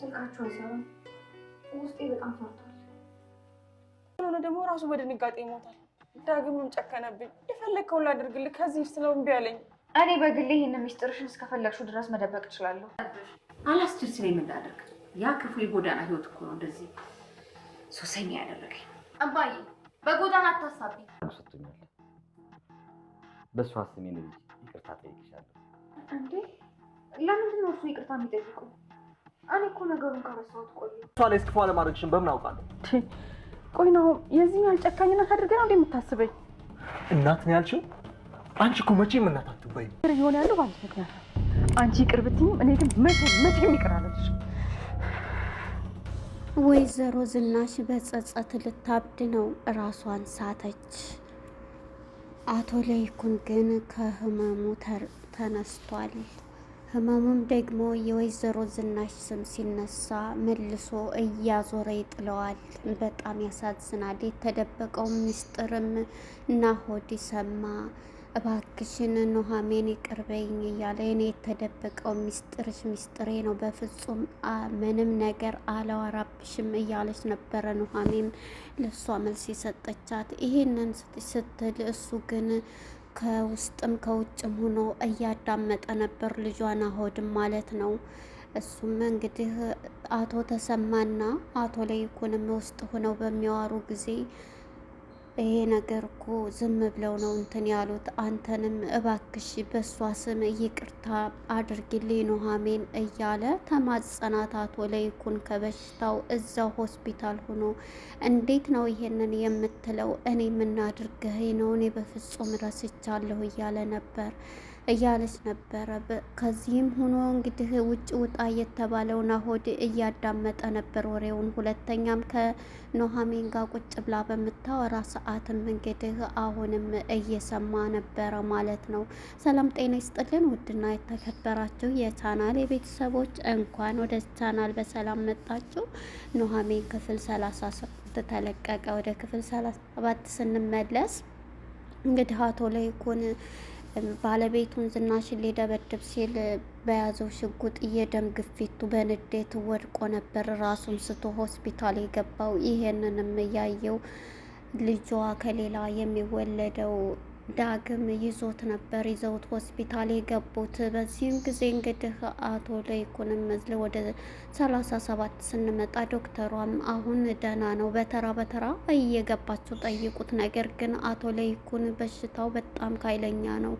ስልካችሁ አይሰራም። ውስጤ በጣም ፈርቷል። ሆነ ደግሞ ራሱ በድንጋጤ ይሞታል። ዳግምም ጨከነብኝ። የፈለግከውን ላድርግልህ ከዚህ ስለው እምቢ አለኝ። እኔ በግሌ ይህንን ሚስጥርሽን እስከፈለግሽው ድረስ መደበቅ እችላለሁ። አላስችል ስለ የምናደርግ ያ ክፉ የጎዳና ህይወት እኮ ነው እንደዚህ ሶሰኛ ያደረገኝ። አባዬ በጎዳና አታሳብኝ ሰጥቶኛል። በእሷ ስሜን ይቅርታ ጠይቅሻለሁ። እንዴ ለምንድን ነው እሱ ይቅርታ የሚጠይቀው? እኔ እኮ ነገሩን ከረሳሁት ቆየ። እሷ ላይ እስክፋ ለማድረግሽን በምን አውቃለሁ? ቆይ ነው የዚህን ያህል ጨካኝነት አድርገህ ነው እንደምታስበኝ? እናት ነው ያልሽው? አንቺ እኮ መቼም እናት አትበይም። የሆነ ያለው ባንቺ ምክንያት አንቺ ይቅር ብትይም እኔ ግን መቼም መቼም ይቅር አለች። ወይዘሮ ዝናሽ በጸጸት ልታብድ ነው እራሷን ሳተች። አቶ ለይኩን ግን ከህመሙ ተነስቷል። ህመሙም ደግሞ የወይዘሮ ዝናሽ ስም ሲነሳ መልሶ እያዞረ ይጥለዋል። በጣም ያሳዝናል። የተደበቀው ምስጢርም ናሆድ ሰማ። እባክሽን ኑሐሚን ይቅርበኝ እያለ እኔ የተደበቀው ሚስጥርሽ ሚስጥሬ ነው፣ በፍጹም ምንም ነገር አላወራብሽም እያለች ነበረ። ኑሐሚን ለእሷ መልስ የሰጠቻት ይህንን ስትል እሱ ግን ከውስጥም ከውጭም ሆኖ እያዳመጠ ነበር ልጇን አሆድም ማለት ነው። እሱም እንግዲህ አቶ ተሰማና አቶ ለይኩንም ውስጥ ሆነው በሚያወሩ ጊዜ ይሄ ነገር እኮ ዝም ብለው ነው እንትን ያሉት። አንተንም እባክሽ በእሷ ስም ይቅርታ አድርጊልኝ ኑሐሚን እያለ ተማጸናት። አቶ ለይኩን ከበሽታው እዛው ሆስፒታል ሆኖ እንዴት ነው ይሄንን የምትለው? እኔ የምናድርግህ ነው እኔ በፍጹም ረስቻለሁ እያለ ነበር። እያለች ነበረ። ከዚህም ሆኖ እንግዲህ ውጭ ውጣ የተባለው ናሆድ እያዳመጠ ነበር ወሬውን። ሁለተኛም ከኑሃሚን ጋር ቁጭ ብላ በምታወራ ሰዓትም እንግዲህ አሁንም እየሰማ ነበረ ማለት ነው። ሰላም ጤና ይስጥልን ውድና የተከበራችሁ የቻናል የቤተሰቦች እንኳን ወደ ቻናል በሰላም መጣችሁ። ኖሃሜን ክፍል ሰላሳ ሰባት ተለቀቀ። ወደ ክፍል ሰላሳ ሰባት ስንመለስ እንግዲህ አቶ ለይኩን ባለቤቱን ዝናሽን ሊደበድብ ሲል በያዘው ሽጉጥ የደም ግፊቱ በንዴት ወድቆ ነበር ራሱን ስቶ ሆስፒታል የገባው። ይሄንንም ያየው ልጇ ከሌላ የሚወለደው ዳግም ይዞት ነበር ይዘውት ሆስፒታል የገቡት። በዚህም ጊዜ እንግዲህ አቶ ለይኩንም መዝል ወደ ሰላሳ ሰባት ስንመጣ ዶክተሯም አሁን ደህና ነው በተራ በተራ እየገባችው ጠይቁት። ነገር ግን አቶ ለይኩን በሽታው በጣም ኃይለኛ ነው።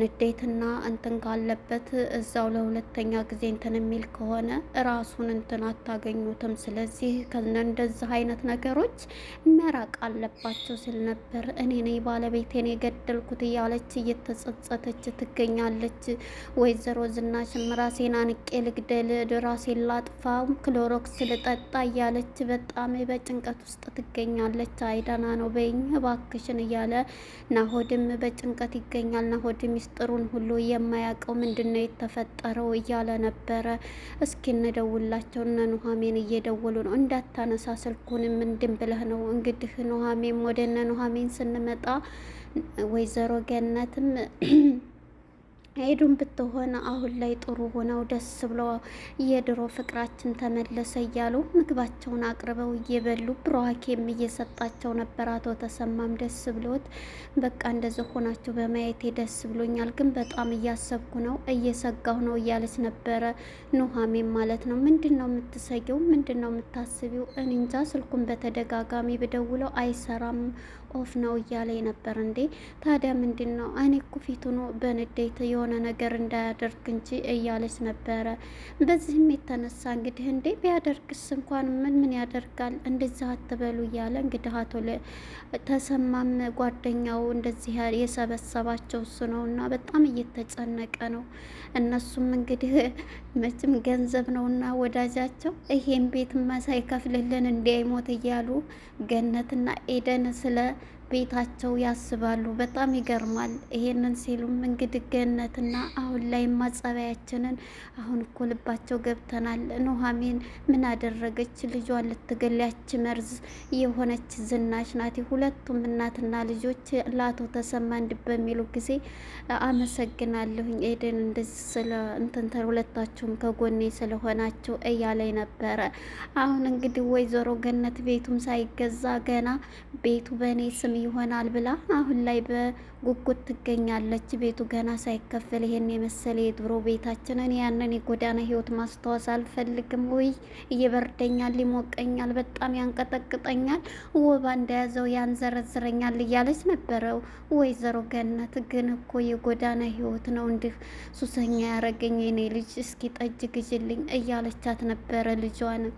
ንዴትና እንትን ካለበት እዛው ለሁለተኛ ጊዜ እንትን የሚል ከሆነ ራሱን እንትን አታገኙትም። ስለዚህ ከነ እንደዚህ አይነት ነገሮች መራቅ አለባቸው ሲል ነበር እኔ ነኝ ባለቤቴን የገ በደልኩት እያለች እየተጸጸተች ትገኛለች። ወይዘሮ ዝናሽም ራሴን አንቄ ልግደል፣ ራሴን ላጥፋ፣ ክሎሮክስ ልጠጣ እያለች በጣም በጭንቀት ውስጥ ትገኛለች። አይዳና ነው በይኝ እባክሽን እያለ ናሆድም በጭንቀት ይገኛል። ናሆድ ሚስጥሩን ሁሉ የማያውቀው ምንድን ነው የተፈጠረው እያለ ነበረ። እስኪ እንደውላቸው እነ ኑሐሜን እየደወሉ ነው እንዳታነሳ ስልኩንም እንድን ብለህ ነው እንግዲህ ኑሐሜን ወደ እነ ኑሐሜን ስንመጣ ወይዘሮ ገነትም ሄዱም ብትሆነ አሁን ላይ ጥሩ ሆነው ደስ ብለው የድሮ ፍቅራችን ተመለሰ እያሉ ምግባቸውን አቅርበው እየበሉ ብሩኬም እየሰጣቸው ነበር። አቶ ተሰማም ደስ ብሎት በቃ እንደዚህ ሆናችሁ በማየቴ ደስ ብሎኛል፣ ግን በጣም እያሰብኩ ነው፣ እየሰጋሁ ነው እያለች ነበረ ኑሃሜም ማለት ነው። ምንድን ነው የምትሰጊው? ምንድን ነው የምታስቢው? እንጃ። ስልኩን በተደጋጋሚ ብደውለው አይሰራም ኦፍ ነው እያለ ነበር። እንዴ ታዲያ ምንድን ነው? እኔ እኮ ፊቱኑ በንዴት የሆነ ነገር እንዳያደርግ እንጂ እያለች ነበረ። በዚህም የተነሳ እንግዲህ እንዴ ቢያደርግስ እንኳን ምን ምን ያደርጋል እንደዚህ አትበሉ እያለ እንግዲህ አቶ ተሰማም ጓደኛው እንደዚህ የሰበሰባቸው እሱ ነው እና በጣም እየተጨነቀ ነው። እነሱም እንግዲህ መቼም ገንዘብ ነው እና ወዳጃቸው ይሄን ቤት ሳይከፍልልን እንዳይሞት እያሉ ገነትና ኤደን ስለ ቤታቸው ያስባሉ። በጣም ይገርማል። ይሄንን ሲሉም እንግዲህ ገነትና አሁን ላይ ማጸባያችንን አሁን እኮ ልባቸው ገብተናል። ኑሐሚን ምን አደረገች? ልጇን ልትገላች መርዝ የሆነች ዝናሽ ናት። ሁለቱም እናትና ልጆች ለአቶ ተሰማ እንድ በሚሉ ጊዜ አመሰግናለሁኝ ኤደን እንደዚህ ስለ እንትንተ ሁለታችሁም ከጎኔ ስለሆናቸው እያለኝ ነበረ። አሁን እንግዲህ ወይዘሮ ገነት ቤቱም ሳይገዛ ገና ቤቱ በእኔ ስም ይሆናል ብላ አሁን ላይ በጉጉት ትገኛለች። ቤቱ ገና ሳይከፈል ይሄን የመሰለ የድሮ ቤታችንን ያንን የጎዳና ህይወት ማስታወስ አልፈልግም። ውይ እየበርደኛል፣ ይሞቀኛል፣ በጣም ያንቀጠቅጠኛል፣ ወባ እንደያዘው ያንዘረዝረኛል እያለች ነበረው ወይዘሮ ገነት። ግን እኮ የጎዳና ህይወት ነው እንዲህ ሱሰኛ ያረገኝ የኔ ልጅ፣ እስኪ ጠጅ ግዥልኝ እያለቻት ነበረ ልጇንም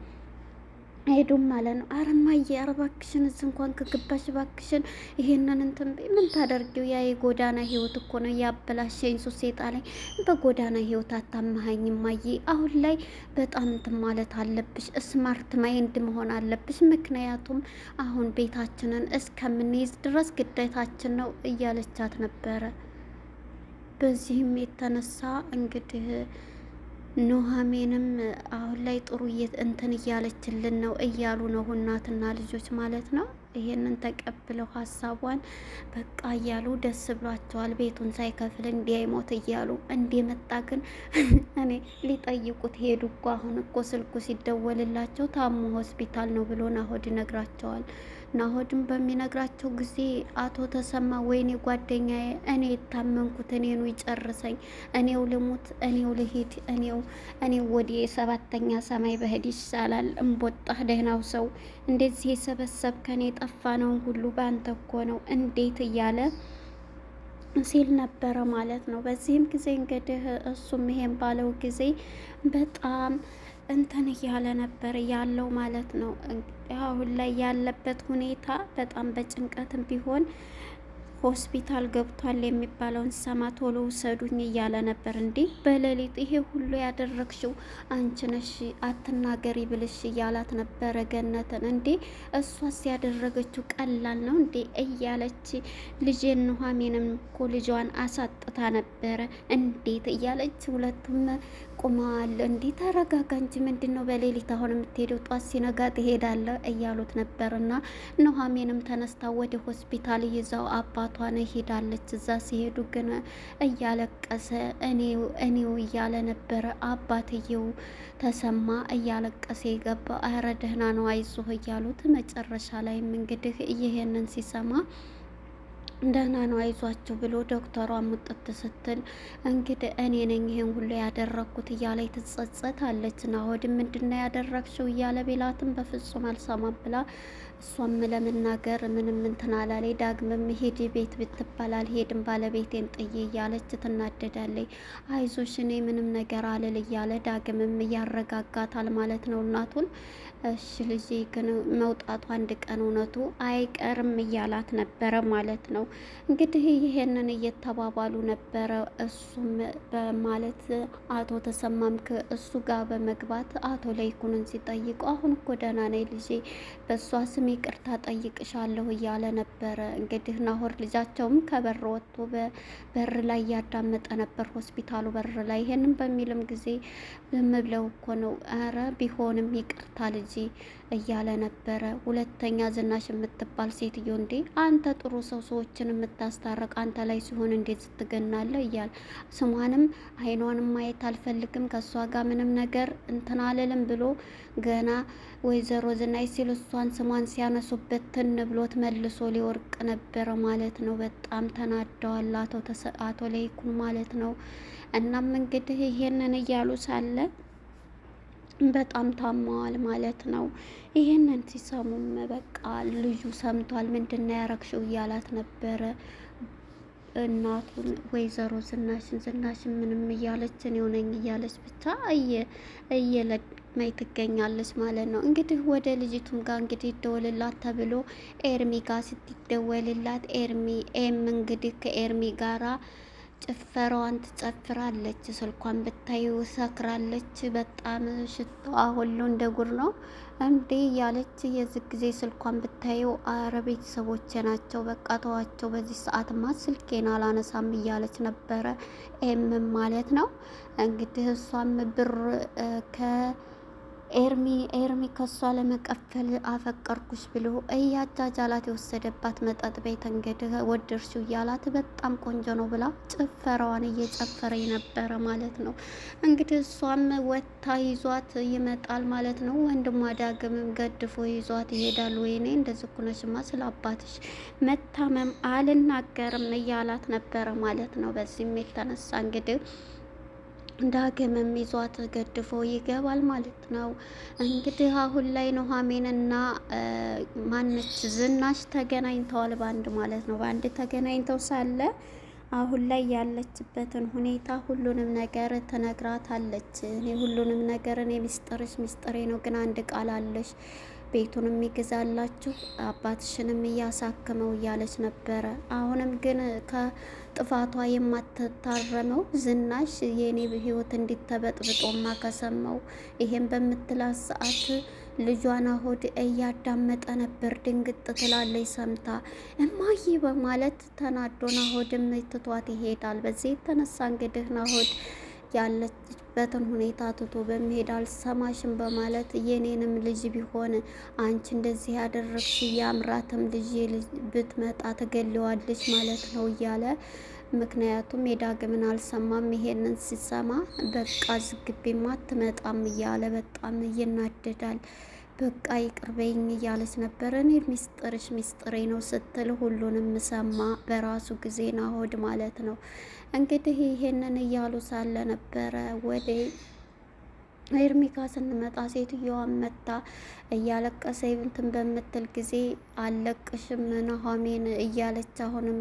ሄዱም ማለት ነው። አረ እማዬ፣ አረ እባክሽን እዚህ እንኳን ከገባሽ እባክሽን ይሄንን እንትን ምን ታደርጊው? ያ የጎዳና ህይወት እኮ ነው ያበላሸኝ ሱስ ላይ በጎዳና ህይወት አታመሀኝ እማዬ። አሁን ላይ በጣም እንትን ማለት አለብሽ፣ ስማርት ማይንድ መሆን አለብሽ። ምክንያቱም አሁን ቤታችንን እስከምንይዝ ድረስ ግዴታችን ነው እያለቻት ነበረ። በዚህም የተነሳ እንግዲህ ኑሐሚንም አሁን ላይ ጥሩ እንትን እያለችልን ነው እያሉ ነው እናትና ልጆች ማለት ነው። ይሄንን ተቀብለው ሀሳቧን በቃ እያሉ ደስ ብሏቸዋል። ቤቱን ሳይከፍል እንዲያይሞት እያሉ እንዲመጣ ግን እኔ ሊጠይቁት ሄዱ እኮ አሁን እኮ ስልኩ ሲደወልላቸው ታሞ ሆስፒታል ነው ብሎ ናሆድ ይነግራቸዋል። ናሆድም በሚነግራቸው ጊዜ አቶ ተሰማ ወይኔ ጓደኛዬ፣ እኔ የታመንኩት እኔኑ ይጨርሰኝ፣ እኔው ልሙት፣ እኔው ልሂድ፣ እኔው እኔው ወደ ሰባተኛ ሰማይ በህድ ይሻላል። እምቦጣ ደህናው ሰው እንደዚህ የሰበሰብ ከኔ የጠፋ ነውን ሁሉ በአንተ እኮ ነው እንዴት እያለ ሲል ነበረ ማለት ነው። በዚህም ጊዜ እንግዲህ እሱም ይሄን ባለው ጊዜ በጣም እንትን እያለ ነበር ያለው ማለት ነው። አሁን ላይ ያለበት ሁኔታ በጣም በጭንቀትም ቢሆን ሆስፒታል ገብቷል የሚባለውን ሰማ ቶሎ ውሰዱኝ እያለ ነበር። እንዲህ በሌሊት ይሄ ሁሉ ያደረግሽው አንቺ ነሽ አትናገሪ ብልሽ እያላት ነበረ ገነትን። እንዴ እሷስ ያደረገችው ቀላል ነው እንዴ እያለች ልጄን ኑሐሚንም እኮ ልጇን አሳጥታ ነበረ እንዴት እያለች ሁለቱም ቁመዋል። እንዴ ተረጋጋ እንጂ ምንድን ነው በሌሊት አሁን የምትሄደው? ጧት ሲነጋ ትሄዳለ እያሉት ነበርና ኑሐሚንም ተነስታ ወደ ሆስፒታል ይዛው አባቱ እናቷን ሄዳለች። እዛ ሲሄዱ ግን እያለቀሰ እኔው እኔው እያለ ነበረ። አባትየው ተሰማ እያለቀሰ የገባ አረ ደህና ነው አይዞህ እያሉት መጨረሻ ላይም እንግዲህ ይሄንን ሲሰማ ደህና ነው አይዟቸው ብሎ ዶክተሯ ሙጥት ስትል እንግዲህ እኔ ነኝ ይሄን ሁሉ ያደረግኩት እያለ ትጸጸታለች። ናሆድ ምንድነው ያደረግሽው እያለ ቢላትም በፍጹም አልሰማም ብላ እሷም ለመናገር ምንም እንትን አላለች። ዳግምም ሂድ ቤት ብትባል አልሄድም ባለቤቴን ጥዬ እያለች ትናደዳለች። አይዞሽ እኔ ምንም ነገር አልል እያለ ዳግምም እያረጋጋታል ማለት ነው እናቱን። እሺ ልጄ ግን መውጣቱ አንድ ቀን እውነቱ አይቀርም እያላት ነበረ ማለት ነው። እንግዲህ ይሄንን እየተባባሉ ነበረ። እሱም በማለት አቶ ተሰማም ከእሱ ጋር በመግባት አቶ ለይኩንን ሲጠይቁ አሁን እኮ ደህና ነኝ ልጄ በእሷ ስሜ ይቅርታ ጠይቅሻለሁ እያለ ነበረ። እንግዲህ ናሆር ልጃቸውም ከበር ወጥቶ በር ላይ እያዳመጠ ነበር፣ ሆስፒታሉ በር ላይ። ይሄንም በሚልም ጊዜ ዝም ብለው እኮ ነው። ኧረ ቢሆንም ይቅርታ ልጄ እያለ ነበረ። ሁለተኛ ዝናሽ የምትባል ሴትዮ እንዴ አንተ ጥሩ ሰው ሰዎችን የምታስታረቅ አንተ ላይ ሲሆን እንዴት ስትገናለ እያል ስሟንም አይኗንም ማየት አልፈልግም ከእሷ ጋር ምንም ነገር እንትን አልልም ብሎ ገና ወይዘሮ ዝናሽ ሲል እሷን ስሟን ሲያነሱበት ትን ብሎት መልሶ ሊወርቅ ነበረ ማለት ነው። በጣም ተናደዋል አቶ ለይኩን ማለት ነው። እናም እንግዲህ ይሄንን እያሉ ሳለ በጣም ታማዋል ማለት ነው። ይህንን ሲሰሙም በቃ ልጁ ሰምቷል። ምንድነው ያረግሽው እያላት ነበረ እናቱን ወይዘሮ ዝናሽን ዝናሽን ምንም እያለች እኔው ነኝ እያለች ብቻ እየለመኝ ትገኛለች ማለት ነው። እንግዲህ ወደ ልጅቱም ጋር እንግዲህ ይደወልላት ተብሎ ኤርሚ ጋር ስትደወልላት ኤርሚ ኤም እንግዲህ ከኤርሚ ጋራ ጭፈራዋን ትጨፍራለች። ስልኳን ብታይ ሰክራለች። በጣም ሽቷ ሁሉ እንደ ጉር ነው እንዴ እያለች የዚህ ጊዜ ስልኳን ብታዩ አረ ቤተሰቦቼ ናቸው፣ በቃ ተዋቸው፣ በዚህ ሰዓትማ ስልኬን አላነሳም እያለች ነበረ። ኤም ማለት ነው እንግዲህ እሷም ብር ከ ኤርሚ ኤርሚ ከሷ ለመቀፈል አፈቀርኩሽ ብሎ እያጃጃላት የወሰደባት መጠጥ ቤት እንግዲህ ወደድሽው እያላት በጣም ቆንጆ ነው ብላ ጭፈራዋን እየጨፈረ ነበረ ማለት ነው። እንግዲህ እሷም ወታ ይዟት ይመጣል ማለት ነው። ወንድሟ ዳግምም ገድፎ ይዟት ይሄዳል። ወይኔ እንደዚህ እኮ ነሽማ ስለ አባትሽ መታመም አልናገርም እያላት ነበረ ማለት ነው። በዚህም የተነሳ እንግዲህ ዳግምም ይዟት ገድፎ ይገባል ማለት ነው። እንግዲህ አሁን ላይ እና ማነች ዝናሽ ተገናኝተዋል በአንድ ማለት ነው። በአንድ ተገናኝተው ሳለ አሁን ላይ ያለችበትን ሁኔታ ሁሉንም ነገር ትነግራታለች። እኔ ሁሉንም ነገር እኔ ሚስጥርሽ ሚስጥሬ ነው፣ ግን አንድ ቃል አለሽ ቤቱንም ይግዛላችሁ አባትሽንም እያሳክመው እያለች ነበረ። አሁንም ግን ከጥፋቷ የማትታረመው ዝናሽ የእኔ ሕይወት እንዲተበጥብጦማ ከሰማው ይሄን በምትላት ሰዓት ልጇን አሁድ እያዳመጠ ነበር። ድንግጥ ትላለች ሰምታ እማዬ በማለት ተናዶን አሁድም ትቷት ይሄዳል። በዚህ የተነሳ እንግዲህ ናሁድ ያለችበትን ሁኔታ ትቶ በመሄድ አልሰማሽም በማለት የኔንም ልጅ ቢሆን አንቺ እንደዚህ ያደረግሽ ያምራትም ልጅ ብትመጣ ትገለዋለች ማለት ነው እያለ ምክንያቱም የዳግምን አልሰማም። ይሄንን ሲሰማ በቃ ዝግቤማ አትመጣም እያለ በጣም ይናደዳል። በቃ ይቅርበኝ እያለች ነበረ። እኔ ሚስጥርሽ ሚስጥሬ ነው ስትል ሁሉንም ሰማ። በራሱ ጊዜ ናሆድ ማለት ነው። እንግዲህ ይሄንን እያሉ ሳለ ነበረ ወደ ኤርሚካ ስንመጣ ሴትዮዋን መታ እያለቀሰ እንትን በምትል ጊዜ አለቅሽም ናሆሜን እያለች አሁንም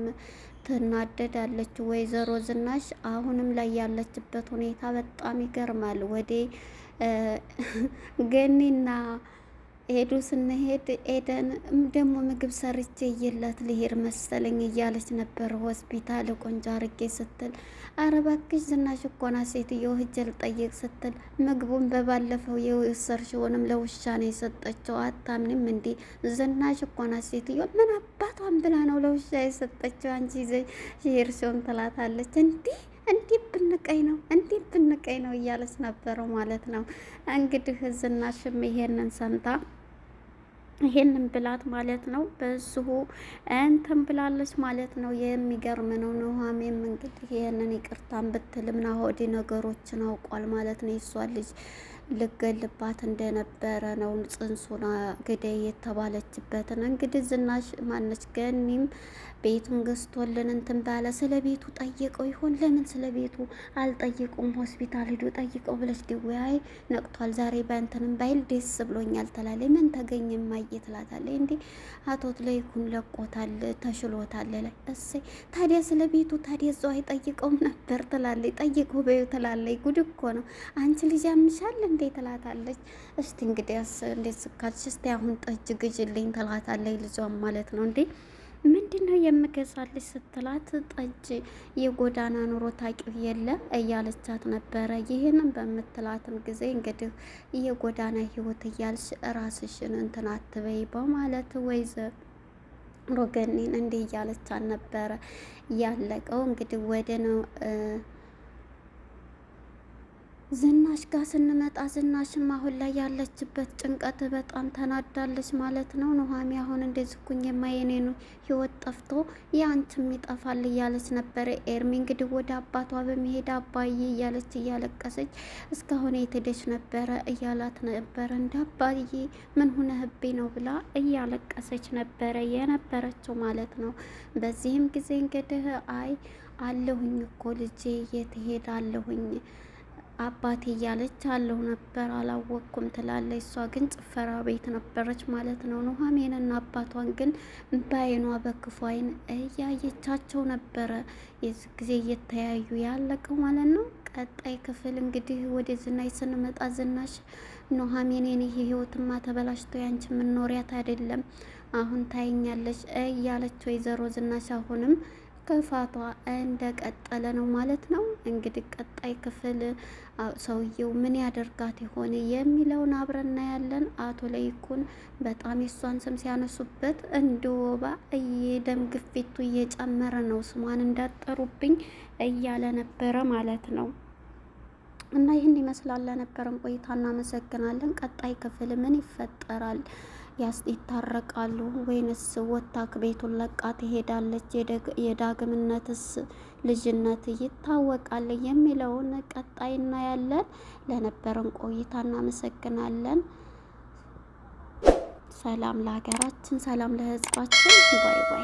ትናደዳለች። ወይዘሮ ዝናሽ አሁንም ላይ ያለችበት ሁኔታ በጣም ይገርማል። ወዴ ገኒና ሄዱ ስንሄድ ኤደን ደግሞ ምግብ ሰርቼ እየላት ልሄድ መሰለኝ እያለች ነበር ሆስፒታል ቆንጆ አርጌ ስትል፣ አረባክሽ ዝና ዝናሽ እኮ ናት ሴትዮ ሂጅ ልጠይቅ ስትል፣ ምግቡን በባለፈው የወሰርሽውንም ለውሻ ነው የሰጠችው አታምንም እንዲ ዝናሽ እኮ ናት ሴትዮ ምን አባቷን ብላ ነው ለውሻ የሰጠችው አንቺ ይዘሽ ሄድሽውን ትላታለች እንዲህ እንዴት ብንቀኝ ነው እንዴት ብንቀኝ ነው እያለች ነበረው ማለት ነው። እንግዲህ ዝናሽም ይሄንን ሰምታ ይሄንን ብላት ማለት ነው በዚሁ እንትን ብላለች ማለት ነው። የሚገርም ነው። ኑሃሚንም እንግዲህ ይሄንን ይቅርታን ብትልም ናሆዲ ነገሮችን አውቋል ማለት ነው። የሷ ልጅ ልገልባት እንደነበረ ነው ጽንሱና ግደይ የተባለችበትን እንግዲህ ዝናሽ ማነች ገኒም ቤቱን ገዝቶልን እንትን ባለ ስለ ቤቱ ጠይቀው ይሆን? ለምን ስለ ቤቱ አልጠይቁም? ሆስፒታል ሂዶ ጠይቀው ብለሽ ድወያይ ነቅቷል ዛሬ በእንትንም ባይል ደስ ብሎኛል ትላለች። ምን ተገኘ ማየ ትላታለች። እንዴ አቶ ትለይኩን ለቆታል ተሽሎታል ላይ እሰይ። ታዲያ ስለ ቤቱ ታዲያ እዛው አይጠይቀውም ነበር ትላለች። ጠይቀው በዩ ትላለች። ጉድ እኮ ነው አንቺ ልጅ ያምሻል እንዴ ትላታለች። እስቲ እንግዲያስ እንዴት ስካልሽ እስቲ አሁን ጠጅ ግጅልኝ ትላታለች። ልጇም ማለት ነው እንዴ ምንድን ነው የምገዛልሽ ስትላት ጠጅ የጎዳና ኑሮ ታቂው የለ እያለቻት ነበረ። ይህንም በምትላትም ጊዜ እንግዲህ የጎዳና ህይወት እያልሽ ራስሽን እንትን አትበይ በማለት ወይዘ ሮገኔን እንዲህ እያለቻት ነበረ። ያለቀው እንግዲህ ወደ ነው ዝናሽ ጋር ስንመጣ ዝናሽም አሁን ላይ ያለችበት ጭንቀት በጣም ተናዳለች ማለት ነው። ኑሀሚ አሁን እንደዚህ ኩኝ የማየኔኑ ህይወት ጠፍቶ የአንችም ይጠፋል እያለች ነበረ። ኤርሚ እንግዲህ ወደ አባቷ በመሄድ አባዬ እያለች እያለቀሰች እስካሁን የትደች ነበረ እያላት ነበረ። እንደ አባዬ ምን ህቤ ነው ብላ እያለቀሰች ነበረ የነበረችው ማለት ነው። በዚህም ጊዜ እንግዲህ አይ አለሁኝ እኮ ልጄ የት አባቴ እያለች አለሁ ነበር አላወቅኩም ትላለች። እሷ ግን ጭፈራ ቤት ነበረች ማለት ነው። ኑሐሚንና አባቷን ግን በአይኗ በክፉ አይን እያየቻቸው ነበረ። የዚ ጊዜ እየተያዩ ያለቀው ማለት ነው። ቀጣይ ክፍል እንግዲህ ወደ ዝናይ ስንመጣ ዝናሽ ኑሐሚን ይሄ ህይወትማ ተበላሽቶ ያንቺ ምኖሪያት አይደለም አሁን ታይኛለች እያለች ወይዘሮ ዝናሽ አሁንም ክፋቷ እንደቀጠለ ነው ማለት ነው። እንግዲህ ቀጣይ ክፍል ሰውየው ምን ያደርጋት ይሆን የሚለውን አብረና ያለን አቶ ለይኩን በጣም የሷን ስም ሲያነሱበት እንደ ወባ ደም ግፊቱ እየጨመረ ነው፣ ስሟን እንዳጠሩብኝ እያለ ነበረ ማለት ነው። እና ይህን ይመስላል ለነበረን ቆይታ እናመሰግናለን። ቀጣይ ክፍል ምን ይፈጠራል? ይታረቃሉ ወይንስ ወታክ ቤቱን ለቃ ትሄዳለች? የዳግምነትስ ልጅነት ይታወቃል የሚለውን ቀጣይ እናያለን። ለነበረን ቆይታ እናመሰግናለን። ሰላም ለሀገራችን፣ ሰላም ለሕዝባችን። ባይ ባይ